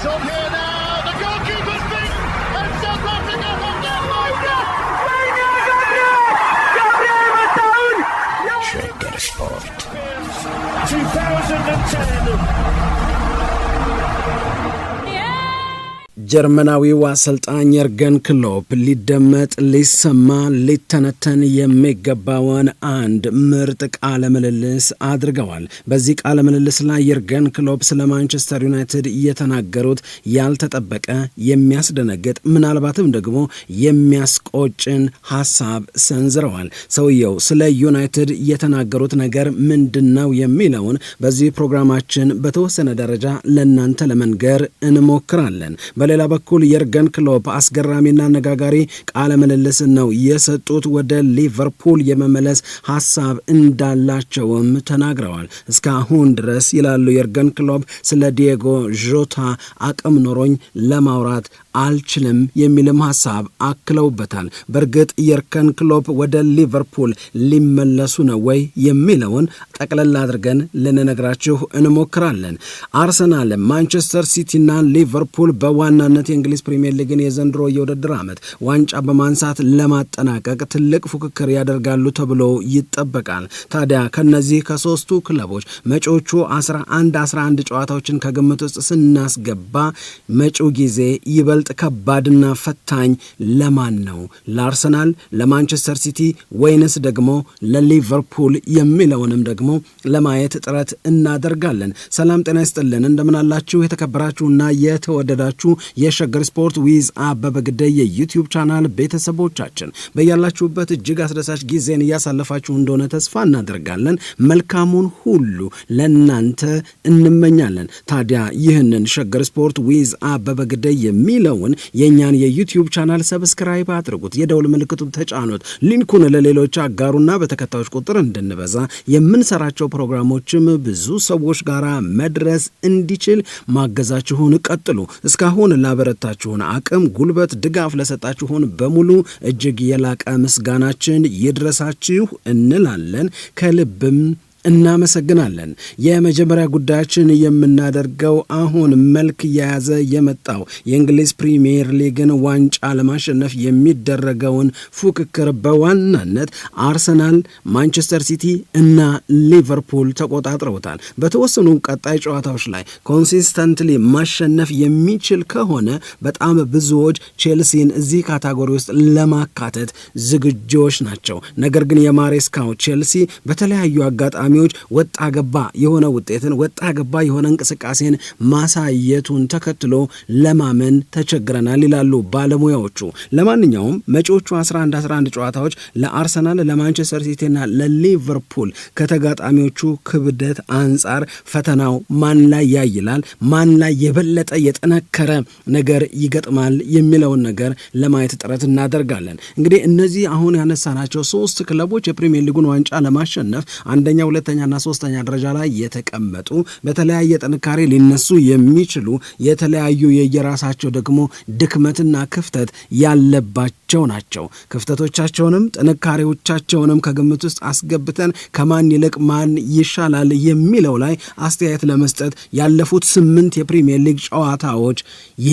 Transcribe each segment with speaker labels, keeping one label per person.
Speaker 1: It's on here. ጀርመናዊው አሰልጣኝ የርገን ክሎፕ ሊደመጥ ሊሰማ ሊተነተን የሚገባውን አንድ ምርጥ ቃለ ምልልስ አድርገዋል። በዚህ ቃለ ምልልስ ላይ የርገን ክሎፕ ስለ ማንቸስተር ዩናይትድ እየተናገሩት ያልተጠበቀ የሚያስደነግጥ ምናልባትም ደግሞ የሚያስቆጭን ሀሳብ ሰንዝረዋል። ሰውየው ስለ ዩናይትድ የተናገሩት ነገር ምንድን ነው የሚለውን በዚህ ፕሮግራማችን በተወሰነ ደረጃ ለእናንተ ለመንገር እንሞክራለን። በሌላ በኩል የርገን ክሎፕ አስገራሚና አነጋጋሪ ቃለ ምልልስ ነው የሰጡት። ወደ ሊቨርፑል የመመለስ ሀሳብ እንዳላቸውም ተናግረዋል። እስካሁን ድረስ ይላሉ የርገን ክሎፕ ስለ ዲየጎ ዦታ አቅም ኖሮኝ ለማውራት አልችልም የሚልም ሀሳብ አክለውበታል። በእርግጥ የርከን ክሎፕ ወደ ሊቨርፑል ሊመለሱ ነው ወይ የሚለውን ጠቅለል አድርገን ልንነግራችሁ እንሞክራለን። አርሰናል፣ ማንቸስተር ሲቲና ሊቨርፑል በዋና በዋናነት የእንግሊዝ ፕሪምየር ሊግን የዘንድሮ የውድድር ዓመት ዋንጫ በማንሳት ለማጠናቀቅ ትልቅ ፉክክር ያደርጋሉ ተብሎ ይጠበቃል። ታዲያ ከነዚህ ከሶስቱ ክለቦች መጪዎቹ 11 11 ጨዋታዎችን ከግምት ውስጥ ስናስገባ መጪው ጊዜ ይበልጥ ከባድና ፈታኝ ለማን ነው? ለአርሰናል፣ ለማንቸስተር ሲቲ ወይንስ ደግሞ ለሊቨርፑል የሚለውንም ደግሞ ለማየት ጥረት እናደርጋለን። ሰላም ጤና ይስጥልን፣ እንደምናላችሁ የተከበራችሁና የተወደዳችሁ የሸገር ስፖርት ዊዝ አበበ ግደይ የዩትዩብ ቻናል ቤተሰቦቻችን በያላችሁበት እጅግ አስደሳች ጊዜን እያሳለፋችሁ እንደሆነ ተስፋ እናደርጋለን። መልካሙን ሁሉ ለእናንተ እንመኛለን። ታዲያ ይህንን ሸገር ስፖርት ዊዝ አበበ ግደይ የሚለውን የእኛን የዩትዩብ ቻናል ሰብስክራይብ አድርጉት፣ የደውል ምልክቱ ተጫኑት፣ ሊንኩን ለሌሎች አጋሩና በተከታዮች ቁጥር እንድንበዛ የምንሰራቸው ፕሮግራሞችም ብዙ ሰዎች ጋር መድረስ እንዲችል ማገዛችሁን ቀጥሉ እስካሁን ላበረታችሁን አቅም፣ ጉልበት፣ ድጋፍ ለሰጣችሁን በሙሉ እጅግ የላቀ ምስጋናችን ይድረሳችሁ እንላለን ከልብም እናመሰግናለን። የመጀመሪያ ጉዳያችን የምናደርገው አሁን መልክ የያዘ የመጣው የእንግሊዝ ፕሪምየር ሊግን ዋንጫ ለማሸነፍ የሚደረገውን ፉክክር በዋናነት አርሰናል፣ ማንቸስተር ሲቲ እና ሊቨርፑል ተቆጣጥረውታል። በተወሰኑ ቀጣይ ጨዋታዎች ላይ ኮንሲስተንትሊ ማሸነፍ የሚችል ከሆነ በጣም ብዙዎች ቼልሲን እዚህ ካታጎሪ ውስጥ ለማካተት ዝግጆች ናቸው። ነገር ግን የማሬስካው ቼልሲ በተለያዩ አጋጣሚ ተጋጣሚዎች ወጣ ገባ የሆነ ውጤትን ወጣ ገባ የሆነ እንቅስቃሴን ማሳየቱን ተከትሎ ለማመን ተቸግረናል ይላሉ ባለሙያዎቹ። ለማንኛውም መጪዎቹ 11 11 ጨዋታዎች ለአርሰናል፣ ለማንቸስተር ሲቲና ለሊቨርፑል ከተጋጣሚዎቹ ክብደት አንጻር ፈተናው ማን ላይ ያይላል፣ ማን ላይ የበለጠ የጠነከረ ነገር ይገጥማል የሚለውን ነገር ለማየት ጥረት እናደርጋለን። እንግዲህ እነዚህ አሁን ያነሳናቸው ሶስት ክለቦች የፕሪሚየር ሊጉን ዋንጫ ለማሸነፍ አንደኛ ሁለተኛና ሶስተኛ ደረጃ ላይ የተቀመጡ በተለያየ ጥንካሬ ሊነሱ የሚችሉ የተለያዩ የየራሳቸው ደግሞ ድክመትና ክፍተት ያለባቸው ናቸው። ክፍተቶቻቸውንም ጥንካሬዎቻቸውንም ከግምት ውስጥ አስገብተን ከማን ይልቅ ማን ይሻላል የሚለው ላይ አስተያየት ለመስጠት ያለፉት ስምንት የፕሪሚየር ሊግ ጨዋታዎች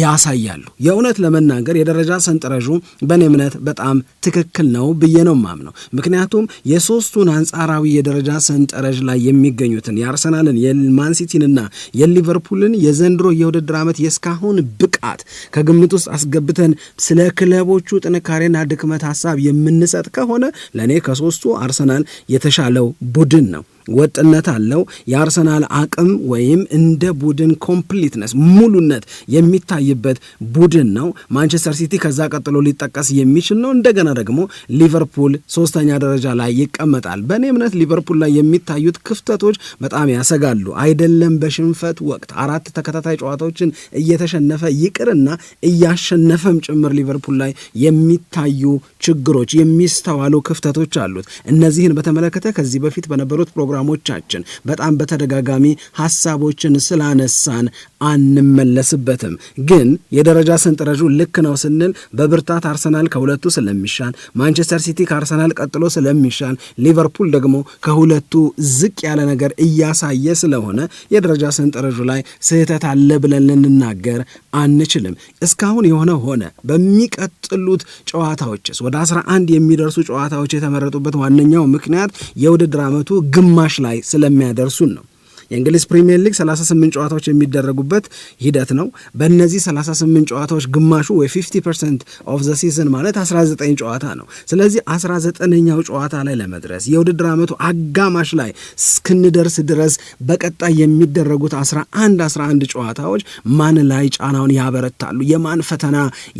Speaker 1: ያሳያሉ። የእውነት ለመናገር የደረጃ ሰንጠረዡ በእኔ እምነት በጣም ትክክል ነው ብዬ ነው ማምነው። ምክንያቱም የሶስቱን አንጻራዊ የደረጃ ሰንጠ ሰንጠረዥ ላይ የሚገኙትን የአርሰናልን የማንሲቲንና የሊቨርፑልን የዘንድሮ የውድድር ዓመት የእስካሁን ብቃት ከግምት ውስጥ አስገብተን ስለ ክለቦቹ ጥንካሬና ድክመት ሀሳብ የምንሰጥ ከሆነ ለእኔ ከሶስቱ አርሰናል የተሻለው ቡድን ነው። ወጥነት አለው። የአርሰናል አቅም ወይም እንደ ቡድን ኮምፕሊትነስ ሙሉነት የሚታይበት ቡድን ነው። ማንቸስተር ሲቲ ከዛ ቀጥሎ ሊጠቀስ የሚችል ነው። እንደገና ደግሞ ሊቨርፑል ሶስተኛ ደረጃ ላይ ይቀመጣል። በእኔ እምነት ሊቨርፑል ላይ የሚ የሚታዩት ክፍተቶች በጣም ያሰጋሉ። አይደለም በሽንፈት ወቅት አራት ተከታታይ ጨዋታዎችን እየተሸነፈ ይቅርና እያሸነፈም ጭምር ሊቨርፑል ላይ የሚታዩ ችግሮች የሚስተዋሉ ክፍተቶች አሉት። እነዚህን በተመለከተ ከዚህ በፊት በነበሩት ፕሮግራሞቻችን በጣም በተደጋጋሚ ሀሳቦችን ስላነሳን አንመለስበትም። ግን የደረጃ ሰንጠረዡ ልክ ነው ስንል በብርታት አርሰናል ከሁለቱ ስለሚሻል፣ ማንቸስተር ሲቲ ከአርሰናል ቀጥሎ ስለሚሻል፣ ሊቨርፑል ደግሞ ከሁለቱ ዝቅ ያለ ነገር እያሳየ ስለሆነ የደረጃ ሰንጠረዡ ላይ ስህተት አለ ብለን ልንናገር አንችልም። እስካሁን የሆነ ሆነ። በሚቀጥሉት ጨዋታዎችስ ወደ 11 የሚደርሱ ጨዋታዎች የተመረጡበት ዋነኛው ምክንያት የውድድር ዓመቱ ግማሽ ላይ ስለሚያደርሱን ነው። የእንግሊዝ ፕሪሚየር ሊግ 38 ጨዋታዎች የሚደረጉበት ሂደት ነው። በእነዚህ 38 ጨዋታዎች ግማሹ ወይ 50 ፐርሰንት ኦፍ ዘ ሲዝን ማለት 19 ጨዋታ ነው። ስለዚህ 19ኛው ጨዋታ ላይ ለመድረስ የውድድር ዓመቱ አጋማሽ ላይ እስክንደርስ ድረስ በቀጣይ የሚደረጉት 11 11 ጨዋታዎች ማን ላይ ጫናውን ያበረታሉ፣ የማን ፈተና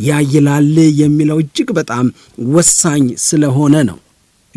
Speaker 1: ያይላል የሚለው እጅግ በጣም ወሳኝ ስለሆነ ነው።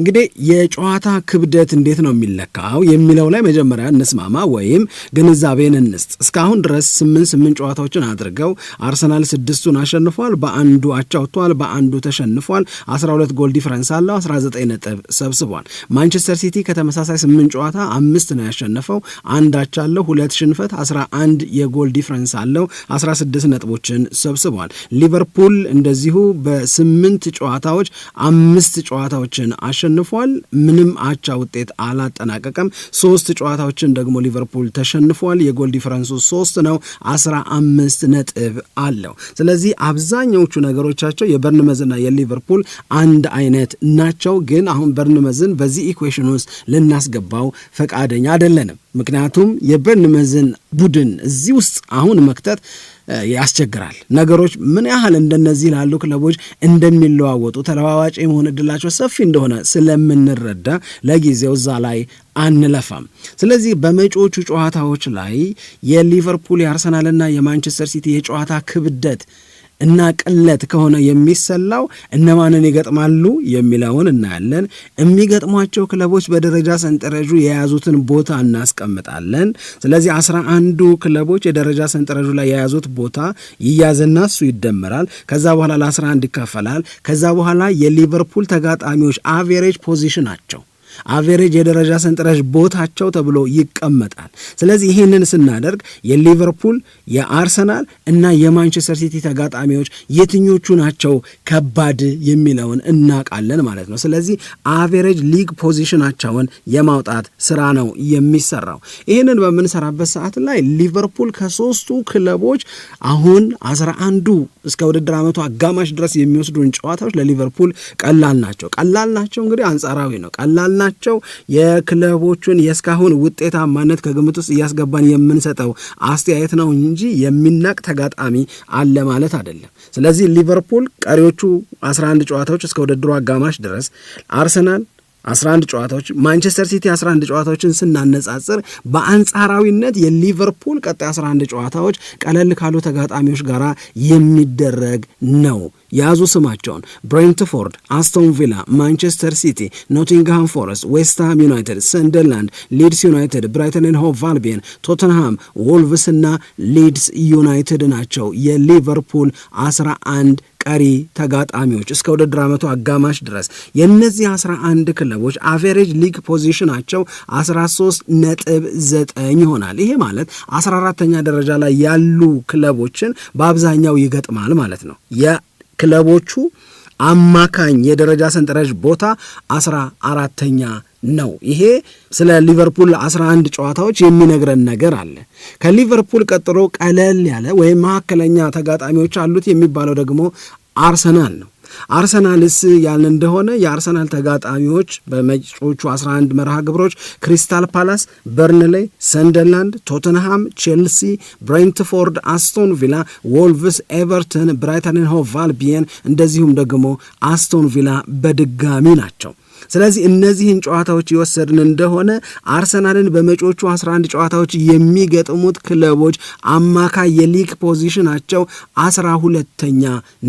Speaker 1: እንግዲህ የጨዋታ ክብደት እንዴት ነው የሚለካው የሚለው ላይ መጀመሪያ እንስማማ ወይም ግንዛቤን እንስጥ። እስካሁን ድረስ ስምንት ስምንት ጨዋታዎችን አድርገው አርሰናል ስድስቱን አሸንፏል፣ በአንዱ አቻውቷል በአንዱ ተሸንፏል። 12 ጎል ዲፈረንስ አለው፣ 19 ነጥብ ሰብስቧል። ማንቸስተር ሲቲ ከተመሳሳይ ስምንት ጨዋታ አምስት ነው ያሸነፈው፣ አንድ አቻ አለው፣ ሁለት ሽንፈት፣ 11 የጎል ዲፈረንስ አለው፣ 16 ነጥቦችን ሰብስቧል። ሊቨርፑል እንደዚሁ በስምንት ጨዋታዎች አምስት ጨዋታዎችን አሸ ተሸንፏል። ምንም አቻ ውጤት አላጠናቀቀም። ሶስት ጨዋታዎችን ደግሞ ሊቨርፑል ተሸንፏል። የጎል ዲፈረንሱ ሶስት ነው። አስራ አምስት ነጥብ አለው። ስለዚህ አብዛኛዎቹ ነገሮቻቸው የበርንመዝና የሊቨርፑል አንድ አይነት ናቸው። ግን አሁን በርንመዝን በዚህ ኢኩዌሽን ውስጥ ልናስገባው ፈቃደኛ አይደለንም። ምክንያቱም የበርንመዝን ቡድን እዚህ ውስጥ አሁን መክተት ያስቸግራል። ነገሮች ምን ያህል እንደነዚህ ላሉ ክለቦች እንደሚለዋወጡ ተለዋዋጭ የመሆን እድላቸው ሰፊ እንደሆነ ስለምንረዳ ለጊዜው እዛ ላይ አንለፋም። ስለዚህ በመጪዎቹ ጨዋታዎች ላይ የሊቨርፑል የአርሰናልና የማንቸስተር ሲቲ የጨዋታ ክብደት እና ቅለት ከሆነ የሚሰላው እነማንን ይገጥማሉ የሚለውን እናያለን። የሚገጥሟቸው ክለቦች በደረጃ ሰንጠረዡ የያዙትን ቦታ እናስቀምጣለን። ስለዚህ አስራ አንዱ ክለቦች የደረጃ ሰንጠረዡ ላይ የያዙት ቦታ ይያዝና እሱ ይደመራል። ከዛ በኋላ ለ11 ይካፈላል። ከዛ በኋላ የሊቨርፑል ተጋጣሚዎች አቬሬጅ ፖዚሽናቸው አቬሬጅ የደረጃ ሰንጠረዥ ቦታቸው ተብሎ ይቀመጣል። ስለዚህ ይህንን ስናደርግ የሊቨርፑል የአርሰናል እና የማንቸስተር ሲቲ ተጋጣሚዎች የትኞቹ ናቸው ከባድ የሚለውን እናውቃለን ማለት ነው። ስለዚህ አቬሬጅ ሊግ ፖዚሽናቸውን የማውጣት ስራ ነው የሚሰራው። ይህንን በምንሰራበት ሰዓት ላይ ሊቨርፑል ከሶስቱ ክለቦች አሁን አስራ አንዱ እስከ ውድድር ዓመቱ አጋማሽ ድረስ የሚወስዱን ጨዋታዎች ለሊቨርፑል ቀላል ናቸው። ቀላል ናቸው እንግዲህ አንጻራዊ ነው። ቀላል ናቸው ናቸው። የክለቦቹን የእስካሁን ውጤታማነት ከግምት ውስጥ እያስገባን የምንሰጠው አስተያየት ነው እንጂ የሚናቅ ተጋጣሚ አለ ማለት አይደለም። ስለዚህ ሊቨርፑል ቀሪዎቹ 11 ጨዋታዎች እስከ ውድድሩ አጋማሽ ድረስ አርሰናል 11 ጨዋታዎች ማንቸስተር ሲቲ 11 ጨዋታዎችን ስናነጻጽር በአንጻራዊነት የሊቨርፑል ቀጣይ 11 ጨዋታዎች ቀለል ካሉ ተጋጣሚዎች ጋር የሚደረግ ነው። የያዙ ስማቸውን ብሬንትፎርድ፣ አስቶን ቪላ፣ ማንቸስተር ሲቲ፣ ኖቲንግሃም ፎረስት፣ ዌስትሃም ዩናይትድ፣ ሰንደርላንድ፣ ሊድስ ዩናይትድ፣ ብራይተንን ሆቭ አልቢየን፣ ቶተንሃም፣ ወልቭስ እና ሊድስ ዩናይትድ ናቸው የሊቨርፑል 11 ቀሪ ተጋጣሚዎች እስከ ውድድር ዓመቱ አጋማሽ ድረስ የእነዚህ 11 ክለቦች አቨሬጅ ሊግ ፖዚሽናቸው 13 ነጥብ 9 ይሆናል። ይሄ ማለት 14ተኛ ደረጃ ላይ ያሉ ክለቦችን በአብዛኛው ይገጥማል ማለት ነው። የክለቦቹ አማካኝ የደረጃ ሰንጠረዥ ቦታ 14ተኛ ነው። ይሄ ስለ ሊቨርፑል 11 ጨዋታዎች የሚነግረን ነገር አለ። ከሊቨርፑል ቀጥሎ ቀለል ያለ ወይም መካከለኛ ተጋጣሚዎች አሉት የሚባለው ደግሞ አርሰናል ነው። አርሰናልስ ያልን እንደሆነ የአርሰናል ተጋጣሚዎች በመጪዎቹ 11 መርሃ ግብሮች ክሪስታል ፓላስ፣ በርንሌይ፣ ሰንደርላንድ፣ ቶተንሃም፣ ቼልሲ፣ ብሬንትፎርድ፣ አስቶን ቪላ፣ ወልቭስ፣ ኤቨርተን፣ ብራይተንን ሆቭ አልቢየን እንደዚሁም ደግሞ አስቶን ቪላ በድጋሚ ናቸው። ስለዚህ እነዚህን ጨዋታዎች ይወሰድን እንደሆነ አርሰናልን በመጪዎቹ 11 ጨዋታዎች የሚገጥሙት ክለቦች አማካይ የሊግ ፖዚሽናቸው አስራ ሁለተኛ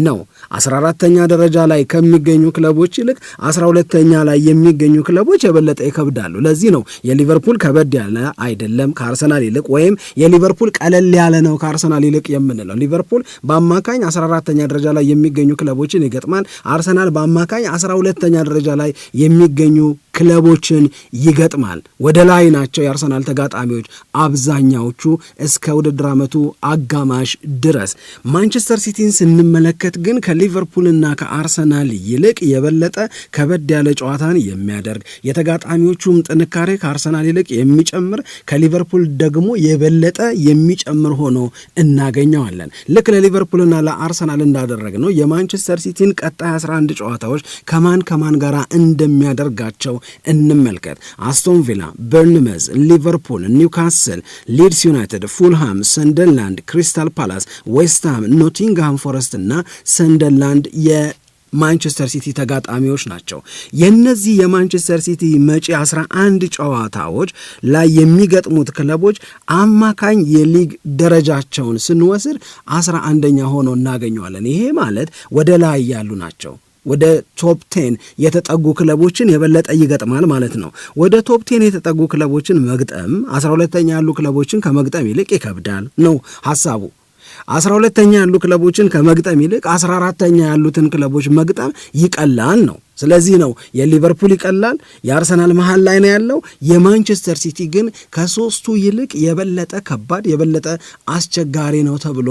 Speaker 1: ነው። አስራ አራተኛ ደረጃ ላይ ከሚገኙ ክለቦች ይልቅ አስራ ሁለተኛ ላይ የሚገኙ ክለቦች የበለጠ ይከብዳሉ። ለዚህ ነው የሊቨርፑል ከበድ ያለ አይደለም ከአርሰናል ይልቅ ወይም የሊቨርፑል ቀለል ያለ ነው ከአርሰናል ይልቅ የምንለው። ሊቨርፑል በአማካኝ 14ተኛ ደረጃ ላይ የሚገኙ ክለቦችን ይገጥማል። አርሰናል በአማካኝ 12ተኛ ደረጃ ላይ የሚገኙ ክለቦችን ይገጥማል። ወደ ላይ ናቸው የአርሰናል ተጋጣሚዎች አብዛኛዎቹ እስከ ውድድር ዓመቱ አጋማሽ ድረስ። ማንቸስተር ሲቲን ስንመለከት ግን ከሊቨርፑልና ከአርሰናል ይልቅ የበለጠ ከበድ ያለ ጨዋታን የሚያደርግ የተጋጣሚዎቹም ጥንካሬ ከአርሰናል ይልቅ የሚጨምር ከሊቨርፑል ደግሞ የበለጠ የሚጨምር ሆኖ እናገኘዋለን። ልክ ለሊቨርፑልና ለአርሰናል እንዳደረግ ነው የማንቸስተር ሲቲን ቀጣይ 11 ጨዋታዎች ከማን ከማን ጋር እንደሚ እንደሚያደርጋቸው እንመልከት። አስቶን ቪላ፣ በርንመዝ፣ ሊቨርፑል፣ ኒውካስል፣ ሊድስ ዩናይትድ፣ ፉልሃም፣ ሰንደርላንድ፣ ክሪስታል ፓላስ፣ ዌስትሃም፣ ኖቲንግሃም ፎረስት እና ሰንደርላንድ የ ማንቸስተር ሲቲ ተጋጣሚዎች ናቸው። የእነዚህ የማንቸስተር ሲቲ መጪ 11 ጨዋታዎች ላይ የሚገጥሙት ክለቦች አማካኝ የሊግ ደረጃቸውን ስንወስድ 11ኛ ሆኖ እናገኘዋለን። ይሄ ማለት ወደ ላይ ያሉ ናቸው። ወደ ቶፕ ቴን የተጠጉ ክለቦችን የበለጠ ይገጥማል ማለት ነው። ወደ ቶፕ ቴን የተጠጉ ክለቦችን መግጠም አስራ ሁለተኛ ያሉ ክለቦችን ከመግጠም ይልቅ ይከብዳል ነው ሀሳቡ። አስራ ሁለተኛ ያሉ ክለቦችን ከመግጠም ይልቅ አስራ አራተኛ ያሉትን ክለቦች መግጠም ይቀላል ነው ስለዚህ ነው የሊቨርፑል ይቀላል፣ የአርሰናል መሀል ላይ ነው ያለው። የማንቸስተር ሲቲ ግን ከሶስቱ ይልቅ የበለጠ ከባድ የበለጠ አስቸጋሪ ነው ተብሎ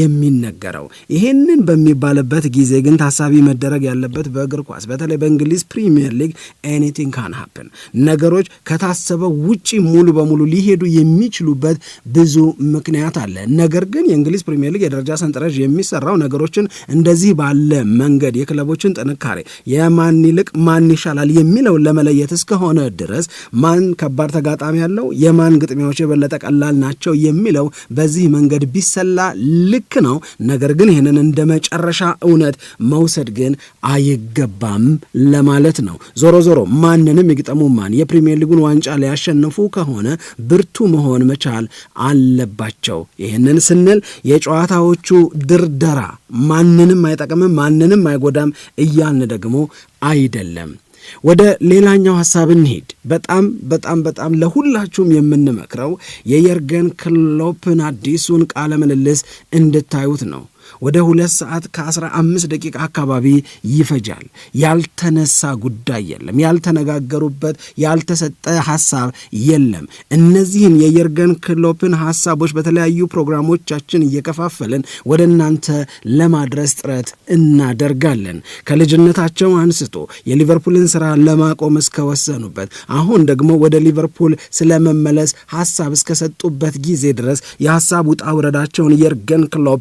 Speaker 1: የሚነገረው። ይሄንን በሚባልበት ጊዜ ግን ታሳቢ መደረግ ያለበት በእግር ኳስ በተለይ በእንግሊዝ ፕሪሚየር ሊግ ኤኒቲንግ ካን ሀፕን፣ ነገሮች ከታሰበው ውጪ ሙሉ በሙሉ ሊሄዱ የሚችሉበት ብዙ ምክንያት አለ። ነገር ግን የእንግሊዝ ፕሪሚየር ሊግ የደረጃ ሰንጠረዥ የሚሰራው ነገሮችን እንደዚህ ባለ መንገድ የክለቦችን ጥንካሬ ማን ይልቅ ማን ይሻላል የሚለውን ለመለየት እስከሆነ ድረስ ማን ከባድ ተጋጣሚ ያለው የማን ግጥሚያዎች የበለጠ ቀላል ናቸው የሚለው በዚህ መንገድ ቢሰላ ልክ ነው። ነገር ግን ይህንን እንደ መጨረሻ እውነት መውሰድ ግን አይገባም ለማለት ነው። ዞሮ ዞሮ ማንንም ይግጠሙ ማን የፕሪሚየር ሊጉን ዋንጫ ሊያሸንፉ ከሆነ ብርቱ መሆን መቻል አለባቸው። ይህንን ስንል የጨዋታዎቹ ድርደራ ማንንም አይጠቅምም፣ ማንንም አይጎዳም እያልን ደግሞ አይደለም። ወደ ሌላኛው ሀሳብ እንሂድ። በጣም በጣም በጣም ለሁላችሁም የምንመክረው የየርገን ክሎፕን አዲሱን ቃለ ምልልስ እንድታዩት ነው። ወደ ሁለት ሰዓት ከ15 ደቂቃ አካባቢ ይፈጃል። ያልተነሳ ጉዳይ የለም፣ ያልተነጋገሩበት ያልተሰጠ ሀሳብ የለም። እነዚህን የየርገን ክሎፕን ሀሳቦች በተለያዩ ፕሮግራሞቻችን እየከፋፈልን ወደ እናንተ ለማድረስ ጥረት እናደርጋለን። ከልጅነታቸው አንስቶ የሊቨርፑልን ስራ ለማቆም እስከወሰኑበት አሁን ደግሞ ወደ ሊቨርፑል ስለመመለስ ሀሳብ እስከሰጡበት ጊዜ ድረስ የሀሳብ ውጣ ውረዳቸውን የርገን ክሎፕ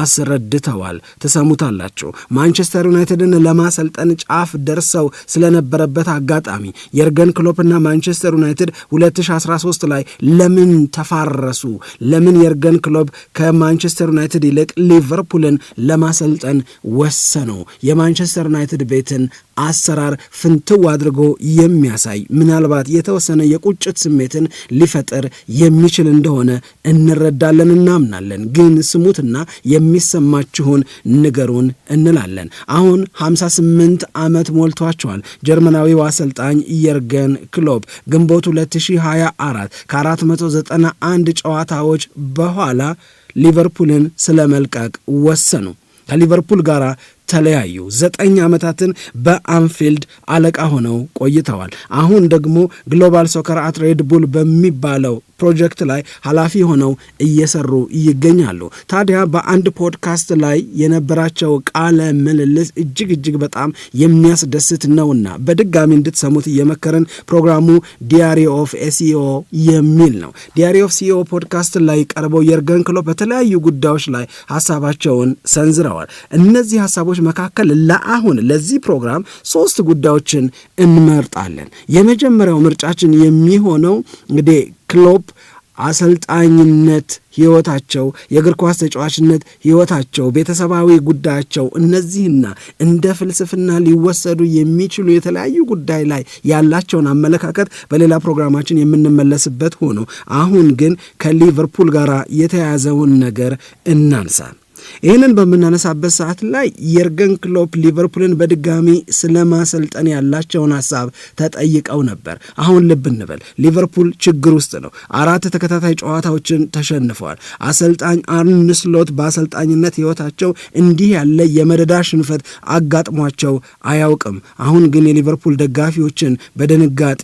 Speaker 1: አስረ ረድተዋል ትሰሙታላችሁ። ማንቸስተር ዩናይትድን ለማሰልጠን ጫፍ ደርሰው ስለነበረበት አጋጣሚ የርገን ክሎፕና ማንቸስተር ዩናይትድ 2013 ላይ ለምን ተፋረሱ? ለምን የርገን ክሎፕ ከማንቸስተር ዩናይትድ ይልቅ ሊቨርፑልን ለማሰልጠን ወሰነው? የማንቸስተር ዩናይትድ ቤትን አሰራር ፍንትው አድርጎ የሚያሳይ ምናልባት የተወሰነ የቁጭት ስሜትን ሊፈጥር የሚችል እንደሆነ እንረዳለን፣ እናምናለን። ግን ስሙትና የሚሰማ የሰማችሁን ንገሩን እንላለን። አሁን 58 ዓመት ሞልቷቸዋል። ጀርመናዊው አሰልጣኝ የርገን ክሎፕ ግንቦት 2024 ከ491 ጨዋታዎች በኋላ ሊቨርፑልን ስለ መልቀቅ ወሰኑ። ከሊቨርፑል ጋር ተለያዩ። ዘጠኝ ዓመታትን በአንፊልድ አለቃ ሆነው ቆይተዋል። አሁን ደግሞ ግሎባል ሶከር አት ሬድ ቡል በሚባለው ፕሮጀክት ላይ ኃላፊ ሆነው እየሰሩ ይገኛሉ። ታዲያ በአንድ ፖድካስት ላይ የነበራቸው ቃለ ምልልስ እጅግ እጅግ በጣም የሚያስደስት ነውና በድጋሚ እንድትሰሙት እየመከርን ፕሮግራሙ ዲያሪ ኦፍ ኤሲኦ የሚል ነው። ዲያሪ ኦፍ ሲኦ ፖድካስት ላይ ቀርበው የርገን ክሎፕ በተለያዩ ጉዳዮች ላይ ሀሳባቸውን ሰንዝረዋል። እነዚህ ሀሳቦች መካከል ለአሁን ለዚህ ፕሮግራም ሶስት ጉዳዮችን እንመርጣለን። የመጀመሪያው ምርጫችን የሚሆነው እንግዲህ ክሎፕ አሰልጣኝነት ህይወታቸው፣ የእግር ኳስ ተጫዋችነት ህይወታቸው፣ ቤተሰባዊ ጉዳያቸው እነዚህና እንደ ፍልስፍና ሊወሰዱ የሚችሉ የተለያዩ ጉዳይ ላይ ያላቸውን አመለካከት በሌላ ፕሮግራማችን የምንመለስበት ሆኖ አሁን ግን ከሊቨርፑል ጋር የተያያዘውን ነገር እናንሳ። ይህንን በምናነሳበት ሰዓት ላይ የርገን ክሎፕ ሊቨርፑልን በድጋሚ ስለማሰልጠን ያላቸውን ሀሳብ ተጠይቀው ነበር። አሁን ልብ እንበል፣ ሊቨርፑል ችግር ውስጥ ነው። አራት ተከታታይ ጨዋታዎችን ተሸንፈዋል። አሰልጣኝ አርነ ስሎት በአሰልጣኝነት ህይወታቸው እንዲህ ያለ የመደዳ ሽንፈት አጋጥሟቸው አያውቅም። አሁን ግን የሊቨርፑል ደጋፊዎችን በድንጋጤ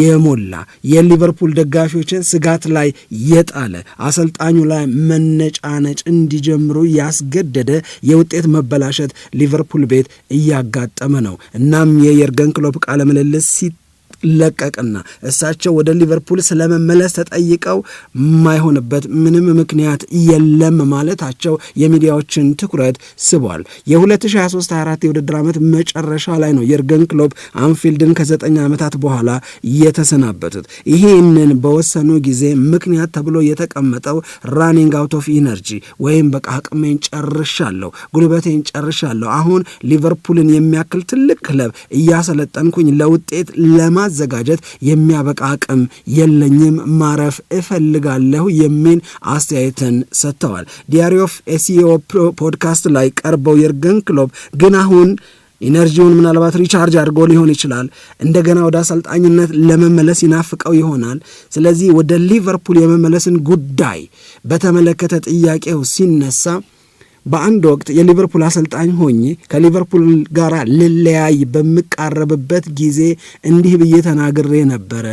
Speaker 1: የሞላ የሊቨርፑል ደጋፊዎችን ስጋት ላይ የጣለ አሰልጣኙ ላይ መነጫነጭ እንዲጀምሩ ያስገደደ የውጤት መበላሸት ሊቨርፑል ቤት እያጋጠመ ነው። እናም የየርገን ክሎፕ ቃለ ምልልስ ለቀቅና እሳቸው ወደ ሊቨርፑል ስለመመለስ ተጠይቀው የማይሆንበት ምንም ምክንያት የለም ማለታቸው የሚዲያዎችን ትኩረት ስቧል። የ2023/24 የውድድር ዓመት መጨረሻ ላይ ነው የርገን ክሎፕ አንፊልድን ከዘጠኝ ዓመታት በኋላ የተሰናበቱት። ይህንን በወሰኑ ጊዜ ምክንያት ተብሎ የተቀመጠው ራኒንግ አውት ኦፍ ኢነርጂ ወይም በቃ አቅሜን ጨርሻለሁ፣ ጉልበቴን ጨርሻለሁ፣ አሁን ሊቨርፑልን የሚያክል ትልቅ ክለብ እያሰለጠንኩኝ ለውጤት ለማ ለማዘጋጀት የሚያበቃ አቅም የለኝም፣ ማረፍ እፈልጋለሁ የሚል አስተያየትን ሰጥተዋል። ዲያሪ ኦፍ ኤሲዮ ፖድካስት ላይ ቀርበው የርገን ክሎብ ግን አሁን ኢነርጂውን ምናልባት ሪቻርጅ አድርጎ ሊሆን ይችላል። እንደገና ወደ አሰልጣኝነት ለመመለስ ይናፍቀው ይሆናል። ስለዚህ ወደ ሊቨርፑል የመመለስን ጉዳይ በተመለከተ ጥያቄው ሲነሳ በአንድ ወቅት የሊቨርፑል አሰልጣኝ ሆኜ ከሊቨርፑል ጋር ልለያይ በምቃረብበት ጊዜ እንዲህ ብዬ ተናግሬ ነበረ።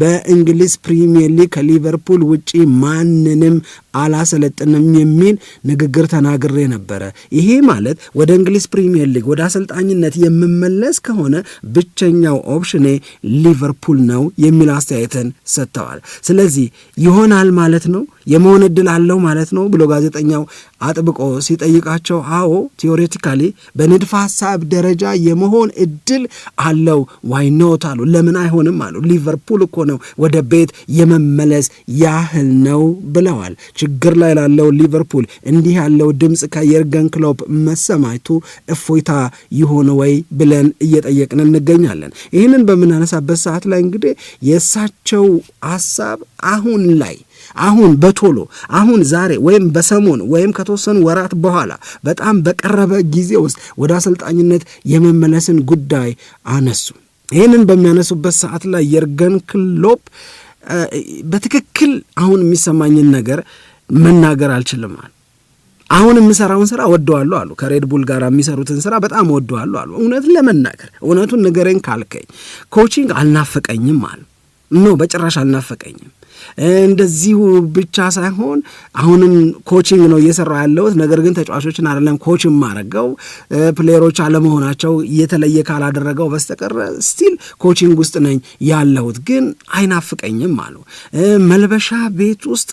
Speaker 1: በእንግሊዝ ፕሪሚየር ሊግ ከሊቨርፑል ውጪ ማንንም አላሰለጥንም የሚል ንግግር ተናግሬ ነበረ። ይሄ ማለት ወደ እንግሊዝ ፕሪሚየር ሊግ ወደ አሰልጣኝነት የምመለስ ከሆነ ብቸኛው ኦፕሽኔ ሊቨርፑል ነው የሚል አስተያየትን ሰጥተዋል። ስለዚህ ይሆናል ማለት ነው የመሆን እድል አለው ማለት ነው ብሎ ጋዜጠኛው አጥብቆ ሲጠይቃቸው፣ አዎ ቲዎሬቲካሊ በንድፈ ሀሳብ ደረጃ የመሆን እድል አለው ዋይኖት አሉ። ለምን አይሆንም አሉ። ሊቨርፑል እኮ ነው ወደ ቤት የመመለስ ያህል ነው ብለዋል። ችግር ላይ ላለው ሊቨርፑል እንዲህ ያለው ድምፅ ከየርገን ክሎፕ መሰማቱ እፎይታ ይሆን ወይ ብለን እየጠየቅን እንገኛለን። ይህንን በምናነሳበት ሰዓት ላይ እንግዲህ የእሳቸው ሀሳብ አሁን ላይ አሁን በቶሎ አሁን ዛሬ ወይም በሰሞን ወይም ከተወሰኑ ወራት በኋላ በጣም በቀረበ ጊዜ ውስጥ ወደ አሰልጣኝነት የመመለስን ጉዳይ አነሱ። ይህንን በሚያነሱበት ሰዓት ላይ የርገን ክሎፕ በትክክል አሁን የሚሰማኝን ነገር መናገር አልችልም አለ። አሁን የምሰራውን ስራ ወደዋለሁ አሉ። ከሬድቡል ጋር የሚሰሩትን ስራ በጣም ወደዋለሁ አሉ። እውነትን ለመናገር እውነቱን ንገረኝ ካልከኝ ኮቺንግ አልናፈቀኝም አሉ። ኖ በጭራሽ አልናፈቀኝም። እንደዚሁ ብቻ ሳይሆን አሁንም ኮቺንግ ነው እየሰራ ያለሁት። ነገር ግን ተጫዋቾችን አይደለም ኮች ማረገው ፕሌየሮች አለመሆናቸው እየተለየ ካላደረገው በስተቀረ ስቲል ኮቺንግ ውስጥ ነኝ ያለሁት፣ ግን አይናፍቀኝም አሉ። መልበሻ ቤት ውስጥ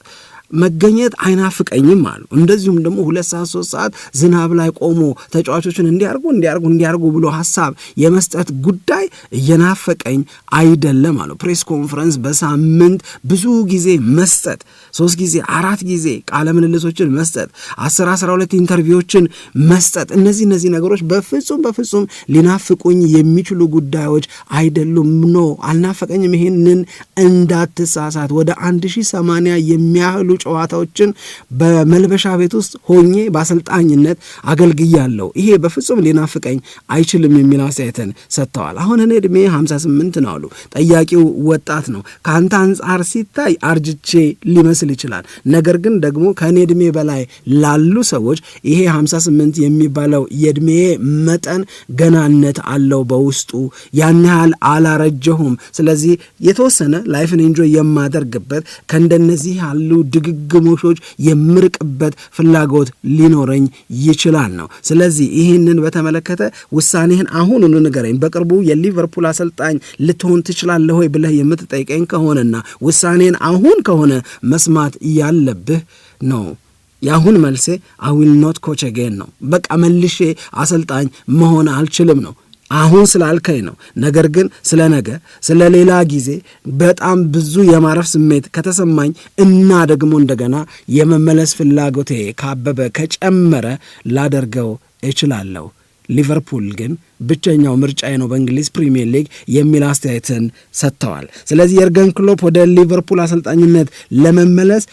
Speaker 1: መገኘት አይናፍቀኝም አሉ። እንደዚሁም ደግሞ ሁለት ሰዓት ሶስት ሰዓት ዝናብ ላይ ቆሞ ተጫዋቾችን እንዲያርጉ እንዲያርጉ እንዲያርጉ ብሎ ሀሳብ የመስጠት ጉዳይ እየናፈቀኝ አይደለም አሉ። ፕሬስ ኮንፈረንስ በሳምንት ብዙ ጊዜ መስጠት፣ ሶስት ጊዜ አራት ጊዜ ቃለ ምልልሶችን መስጠት፣ አስር አስራ ሁለት ኢንተርቪዎችን መስጠት፣ እነዚህ እነዚህ ነገሮች በፍጹም በፍጹም ሊናፍቁኝ የሚችሉ ጉዳዮች አይደሉም። ኖ አልናፈቀኝም። ይህንን እንዳትሳሳት ወደ አንድ ሺህ ሰማንያ የሚያህሉ ጨዋታዎችን በመልበሻ ቤት ውስጥ ሆኜ በአሰልጣኝነት አገልግያለሁ። ይሄ በፍጹም ሊናፍቀኝ አይችልም የሚል አስተያየትን ሰጥተዋል። አሁን እኔ ዕድሜ 58 ነው አሉ። ጠያቂው ወጣት ነው። ከአንተ አንጻር ሲታይ አርጅቼ ሊመስል ይችላል። ነገር ግን ደግሞ ከእኔ እድሜ በላይ ላሉ ሰዎች ይሄ 58 የሚባለው የእድሜ መጠን ገናነት አለው በውስጡ ያን ያህል አላረጀሁም። ስለዚህ የተወሰነ ላይፍን እንጆይ የማደርግበት ከእንደነዚህ ያሉ ድግ ድግግሞሾች የምርቅበት ፍላጎት ሊኖረኝ ይችላል ነው። ስለዚህ ይህንን በተመለከተ ውሳኔህን አሁኑኑ ንገረኝ። በቅርቡ የሊቨርፑል አሰልጣኝ ልትሆን ትችላለህ ወይ ብለህ የምትጠይቀኝ ከሆነና ውሳኔን አሁን ከሆነ መስማት ያለብህ ነው። የአሁን መልሴ አዊል ኖት ኮች ነው። በቃ መልሼ አሰልጣኝ መሆን አልችልም ነው። አሁን ስላልከኝ ነው። ነገር ግን ስለ ነገ፣ ስለ ሌላ ጊዜ በጣም ብዙ የማረፍ ስሜት ከተሰማኝ እና ደግሞ እንደገና የመመለስ ፍላጎቴ ካበበ ከጨመረ ላደርገው እችላለሁ። ሊቨርፑል ግን ብቸኛው ምርጫዬ ነው በእንግሊዝ ፕሪሚየር ሊግ የሚል አስተያየትን ሰጥተዋል። ስለዚህ የርገን ክሎፕ ወደ ሊቨርፑል አሰልጣኝነት ለመመለስ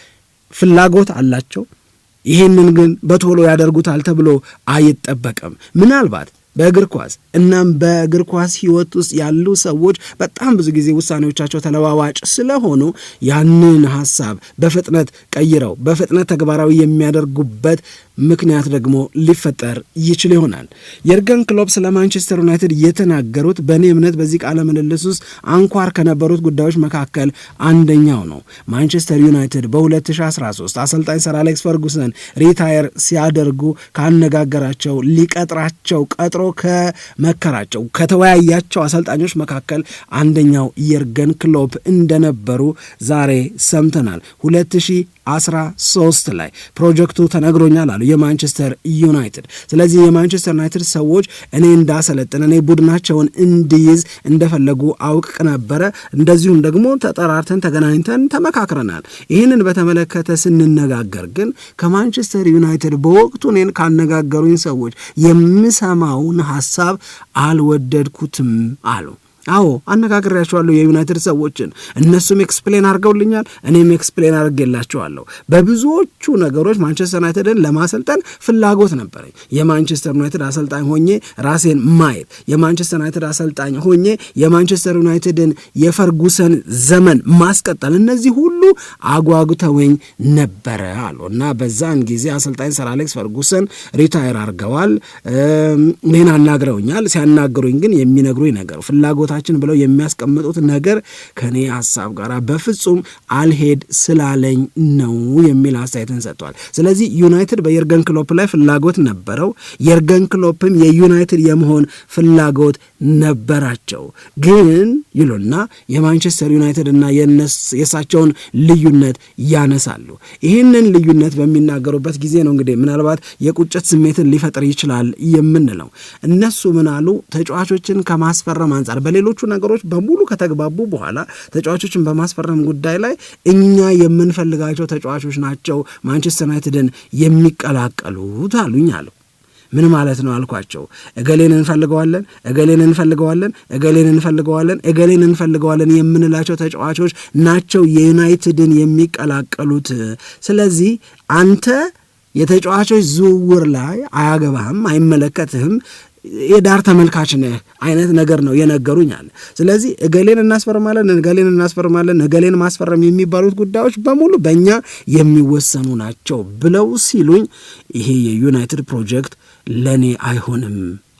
Speaker 1: ፍላጎት አላቸው። ይህንን ግን በቶሎ ያደርጉታል ተብሎ አይጠበቅም። ምናልባት በእግር ኳስ እናም በእግር ኳስ ህይወት ውስጥ ያሉ ሰዎች በጣም ብዙ ጊዜ ውሳኔዎቻቸው ተለዋዋጭ ስለሆኑ ያንን ሀሳብ በፍጥነት ቀይረው በፍጥነት ተግባራዊ የሚያደርጉበት ምክንያት ደግሞ ሊፈጠር ይችል ይሆናል። የርገን ክሎፕ ስለ ማንቸስተር ዩናይትድ የተናገሩት በእኔ እምነት በዚህ ቃለ ምልልስ ውስጥ አንኳር ከነበሩት ጉዳዮች መካከል አንደኛው ነው። ማንቸስተር ዩናይትድ በ2013 አሰልጣኝ ሰር አሌክስ ፈርጉሰን ሪታየር ሲያደርጉ ካነጋገራቸው፣ ሊቀጥራቸው ቀጥሮ ከመከራቸው፣ ከተወያያቸው አሰልጣኞች መካከል አንደኛው የርገን ክሎፕ እንደነበሩ ዛሬ ሰምተናል። 2013 ላይ ፕሮጀክቱ ተነግሮኛል አሉ የማንቸስተር ዩናይትድ። ስለዚህ የማንቸስተር ዩናይትድ ሰዎች እኔ እንዳሰለጥን እኔ ቡድናቸውን እንዲይዝ እንደፈለጉ አውቅ ነበረ። እንደዚሁም ደግሞ ተጠራርተን ተገናኝተን ተመካክረናል። ይህንን በተመለከተ ስንነጋገር ግን ከማንቸስተር ዩናይትድ በወቅቱ እኔን ካነጋገሩኝ ሰዎች የምሰማውን ሀሳብ አልወደድኩትም አሉ። አዎ አነጋግሬያቸዋለሁ የዩናይትድ ሰዎችን እነሱም ኤክስፕሌን አድርገውልኛል፣ እኔም ኤክስፕሌን አድርጌላቸዋለሁ። በብዙዎቹ ነገሮች ማንቸስተር ዩናይትድን ለማሰልጠን ፍላጎት ነበረኝ። የማንቸስተር ዩናይትድ አሰልጣኝ ሆኜ ራሴን ማየት፣ የማንቸስተር ዩናይትድ አሰልጣኝ ሆኜ የማንቸስተር ዩናይትድን የፈርጉሰን ዘመን ማስቀጠል፣ እነዚህ ሁሉ አጓጉተወኝ ነበረ አሉ እና በዛን ጊዜ አሰልጣኝ ሰር አሌክስ ፈርጉሰን ሪታየር አድርገዋል። ይህን አናግረውኛል። ሲያናግሩኝ ግን የሚነግሩኝ ነገር ፍላጎታ መብታችን ብለው የሚያስቀምጡት ነገር ከኔ ሀሳብ ጋር በፍጹም አልሄድ ስላለኝ ነው የሚል አስተያየትን ሰጥቷል። ስለዚህ ዩናይትድ በየርገን ክሎፕ ላይ ፍላጎት ነበረው። የርገን ክሎፕም የዩናይትድ የመሆን ፍላጎት ነበራቸው። ግን ይሉና የማንቸስተር ዩናይትድ እና የእሳቸውን ልዩነት ያነሳሉ። ይህንን ልዩነት በሚናገሩበት ጊዜ ነው እንግዲህ ምናልባት የቁጭት ስሜትን ሊፈጥር ይችላል የምንለው። እነሱ ምናሉ ተጫዋቾችን ከማስፈረም አንጻር በሌ በሌሎቹ ነገሮች በሙሉ ከተግባቡ በኋላ ተጫዋቾችን በማስፈረም ጉዳይ ላይ እኛ የምንፈልጋቸው ተጫዋቾች ናቸው ማንቸስተር ዩናይትድን የሚቀላቀሉት አሉኝ አለው። ምን ማለት ነው አልኳቸው። እገሌን እንፈልገዋለን፣ እገሌን እንፈልገዋለን፣ እገሌን እንፈልገዋለን፣ እገሌን እንፈልገዋለን የምንላቸው ተጫዋቾች ናቸው የዩናይትድን የሚቀላቀሉት። ስለዚህ አንተ የተጫዋቾች ዝውውር ላይ አያገባህም፣ አይመለከትህም የዳር ተመልካች ነህ አይነት ነገር ነው የነገሩኝ አለ። ስለዚህ እገሌን እናስፈርማለን እገሌን እናስፈርማለን እገሌን ማስፈረም የሚባሉት ጉዳዮች በሙሉ በእኛ የሚወሰኑ ናቸው ብለው ሲሉኝ ይሄ የዩናይትድ ፕሮጀክት ለእኔ አይሆንም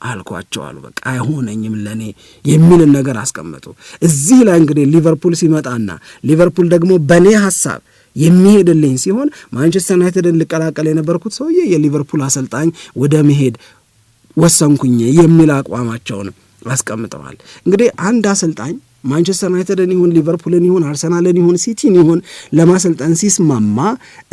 Speaker 1: አልኳቸው አሉ። በቃ አይሆነኝም ለእኔ የሚልን ነገር አስቀመጡ። እዚህ ላይ እንግዲህ ሊቨርፑል ሲመጣና ሊቨርፑል ደግሞ በእኔ ሀሳብ የሚሄድልኝ ሲሆን ማንቸስተር ዩናይትድን ልቀላቀል የነበርኩት ሰውዬ የሊቨርፑል አሰልጣኝ ወደ መሄድ ወሰንኩኝ የሚል አቋማቸውን አስቀምጠዋል። እንግዲህ አንድ አሰልጣኝ ማንቸስተር ዩናይትድን ይሁን ሊቨርፑልን ይሁን አርሰናልን ይሁን ሲቲን ይሁን ለማሰልጠን ሲስማማ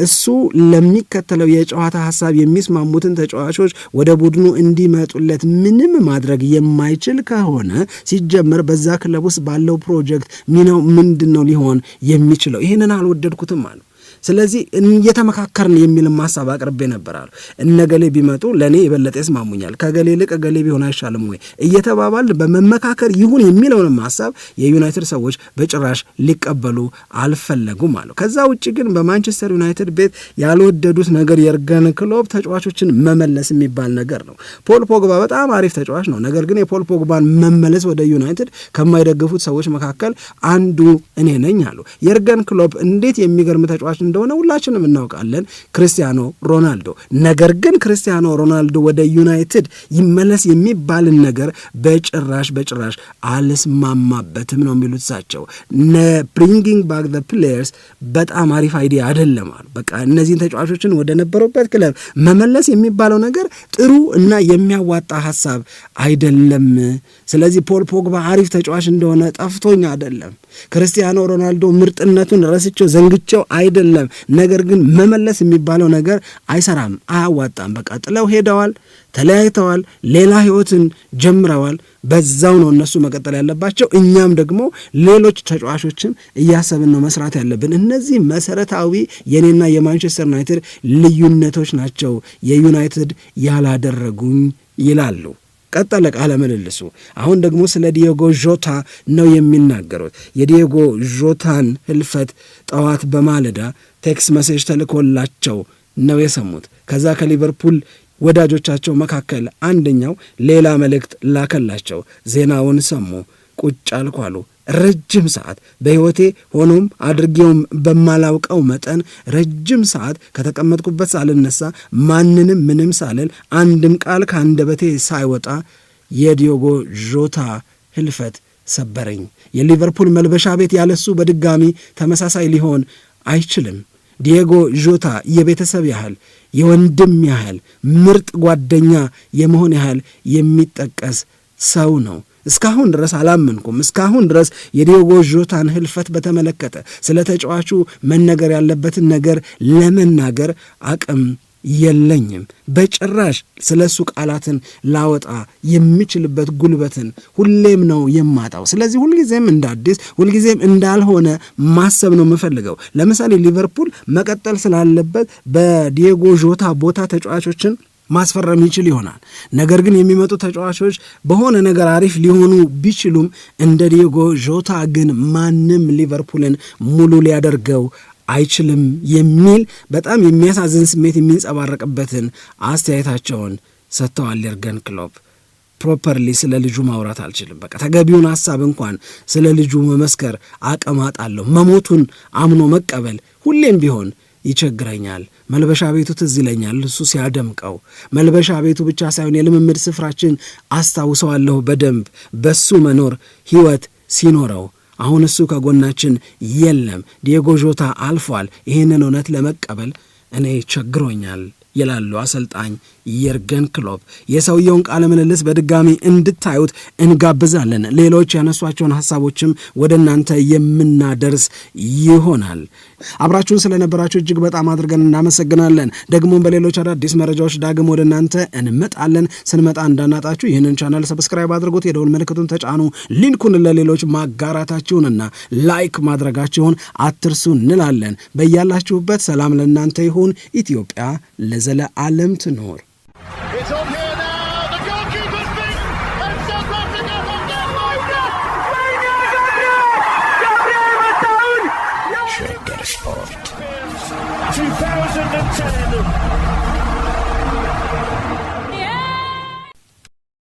Speaker 1: እሱ ለሚከተለው የጨዋታ ሀሳብ የሚስማሙትን ተጫዋቾች ወደ ቡድኑ እንዲመጡለት ምንም ማድረግ የማይችል ከሆነ ሲጀመር በዛ ክለብ ውስጥ ባለው ፕሮጀክት ሚናው ምንድን ነው ሊሆን የሚችለው? ይህንን አልወደድኩትም አሉ። ስለዚህ እየተመካከርን የሚልም ሀሳብ አቅርቤ ነበር አሉ። እነ ገሌ ቢመጡ ለእኔ የበለጠ ይስማሙኛል፣ ከገሌ ይልቅ ገሌ ቢሆን አይሻልም ወይ እየተባባል በመመካከር ይሁን የሚለውንም ሀሳብ የዩናይትድ ሰዎች በጭራሽ ሊቀበሉ አልፈለጉም አሉ። ከዛ ውጭ ግን በማንቸስተር ዩናይትድ ቤት ያልወደዱት ነገር የርገን ክሎብ ተጫዋቾችን መመለስ የሚባል ነገር ነው። ፖል ፖግባ በጣም አሪፍ ተጫዋች ነው። ነገር ግን የፖል ፖግባን መመለስ ወደ ዩናይትድ ከማይደግፉት ሰዎች መካከል አንዱ እኔ ነኝ አሉ። የርገን ክሎብ እንዴት የሚገርም ተጫዋች እንደሆነ ሁላችንም እናውቃለን ክርስቲያኖ ሮናልዶ። ነገር ግን ክርስቲያኖ ሮናልዶ ወደ ዩናይትድ ይመለስ የሚባልን ነገር በጭራሽ በጭራሽ አልስማማበትም ነው የሚሉት እሳቸው። ብሪንጊንግ ባክ ዘ ፕሌየርስ በጣም አሪፍ አይዲያ አይደለም አሉ። በቃ እነዚህን ተጫዋቾችን ወደ ነበሩበት ክለብ መመለስ የሚባለው ነገር ጥሩ እና የሚያዋጣ ሀሳብ አይደለም። ስለዚህ ፖል ፖግባ አሪፍ ተጫዋች እንደሆነ ጠፍቶኝ አይደለም። ክርስቲያኖ ሮናልዶ ምርጥነቱን ረስቸው ዘንግቸው አይደለም አይደለም። ነገር ግን መመለስ የሚባለው ነገር አይሰራም፣ አያዋጣም። በቃ ጥለው ሄደዋል፣ ተለያይተዋል፣ ሌላ ህይወትን ጀምረዋል። በዛው ነው እነሱ መቀጠል ያለባቸው። እኛም ደግሞ ሌሎች ተጫዋቾችን እያሰብን ነው መስራት ያለብን። እነዚህ መሰረታዊ የኔና የማንቸስተር ዩናይትድ ልዩነቶች ናቸው የዩናይትድ ያላደረጉኝ ይላሉ። ቀጠለ ቃለ ምልልሱ። አሁን ደግሞ ስለ ዲዮጎ ዦታ ነው የሚናገሩት። የዲዮጎ ዦታን ህልፈት ጠዋት በማለዳ ቴክስ መሴጅ ተልኮላቸው ነው የሰሙት። ከዛ ከሊቨርፑል ወዳጆቻቸው መካከል አንደኛው ሌላ መልእክት ላከላቸው። ዜናውን ሰሙ፣ ቁጭ አልኩ አሉ። ረጅም ሰዓት በሕይወቴ ሆኖም አድርጌውም በማላውቀው መጠን ረጅም ሰዓት ከተቀመጥኩበት ሳልነሳ ማንንም ምንም ሳልል አንድም ቃል ከአንደበቴ ሳይወጣ የዲዮጎ ዦታ ህልፈት ሰበረኝ። የሊቨርፑል መልበሻ ቤት ያለሱ በድጋሚ ተመሳሳይ ሊሆን አይችልም። ዲየጎ ዦታ የቤተሰብ ያህል የወንድም ያህል ምርጥ ጓደኛ የመሆን ያህል የሚጠቀስ ሰው ነው። እስካሁን ድረስ አላመንኩም። እስካሁን ድረስ የዲየጎ ዦታን ህልፈት በተመለከተ ስለ ተጫዋቹ መነገር ያለበትን ነገር ለመናገር አቅም የለኝም። በጭራሽ ስለ እሱ ቃላትን ላወጣ የሚችልበት ጉልበትን ሁሌም ነው የማጣው። ስለዚህ ሁልጊዜም እንደ አዲስ ሁልጊዜም እንዳልሆነ ማሰብ ነው የምፈልገው። ለምሳሌ ሊቨርፑል መቀጠል ስላለበት በዲየጎ ዦታ ቦታ ተጫዋቾችን ማስፈረም ይችል ይሆናል። ነገር ግን የሚመጡ ተጫዋቾች በሆነ ነገር አሪፍ ሊሆኑ ቢችሉም እንደ ዲየጎ ዦታ ግን ማንም ሊቨርፑልን ሙሉ ሊያደርገው አይችልም የሚል በጣም የሚያሳዝን ስሜት የሚንጸባረቅበትን አስተያየታቸውን ሰጥተዋል። የርገን ክሎፕ ፕሮፐርሊ ስለ ልጁ ማውራት አልችልም፣ በቃ ተገቢውን ሀሳብ እንኳን ስለ ልጁ መመስከር አቅም መሞቱን አምኖ መቀበል ሁሌም ቢሆን ይቸግረኛል። መልበሻ ቤቱ ትዝ ይለኛል፣ እሱ ሲያደምቀው መልበሻ ቤቱ ብቻ ሳይሆን የልምምድ ስፍራችን አስታውሰዋለሁ በደንብ በሱ መኖር ህይወት ሲኖረው አሁን እሱ ከጎናችን የለም። ዲየጎ ዦታ አልፏል። ይህንን እውነት ለመቀበል እኔ ቸግሮኛል ይላሉ አሰልጣኝ የርገን ክሎፕ። የሰውየውን ቃለ ምልልስ በድጋሚ እንድታዩት እንጋብዛለን። ሌሎች ያነሷቸውን ሀሳቦችም ወደ እናንተ የምናደርስ ይሆናል። አብራችሁን ስለነበራችሁ እጅግ በጣም አድርገን እናመሰግናለን። ደግሞም በሌሎች አዳዲስ መረጃዎች ዳግም ወደ እናንተ እንመጣለን። ስንመጣ እንዳናጣችሁ ይህንን ቻናል ሰብስክራይብ አድርጉት፣ የደውል ምልክቱን ተጫኑ፣ ሊንኩን ለሌሎች ማጋራታችሁንና ላይክ ማድረጋችሁን አትርሱ እንላለን። በያላችሁበት ሰላም ለእናንተ ይሁን። ኢትዮጵያ ለዘለዓለም ትኖር።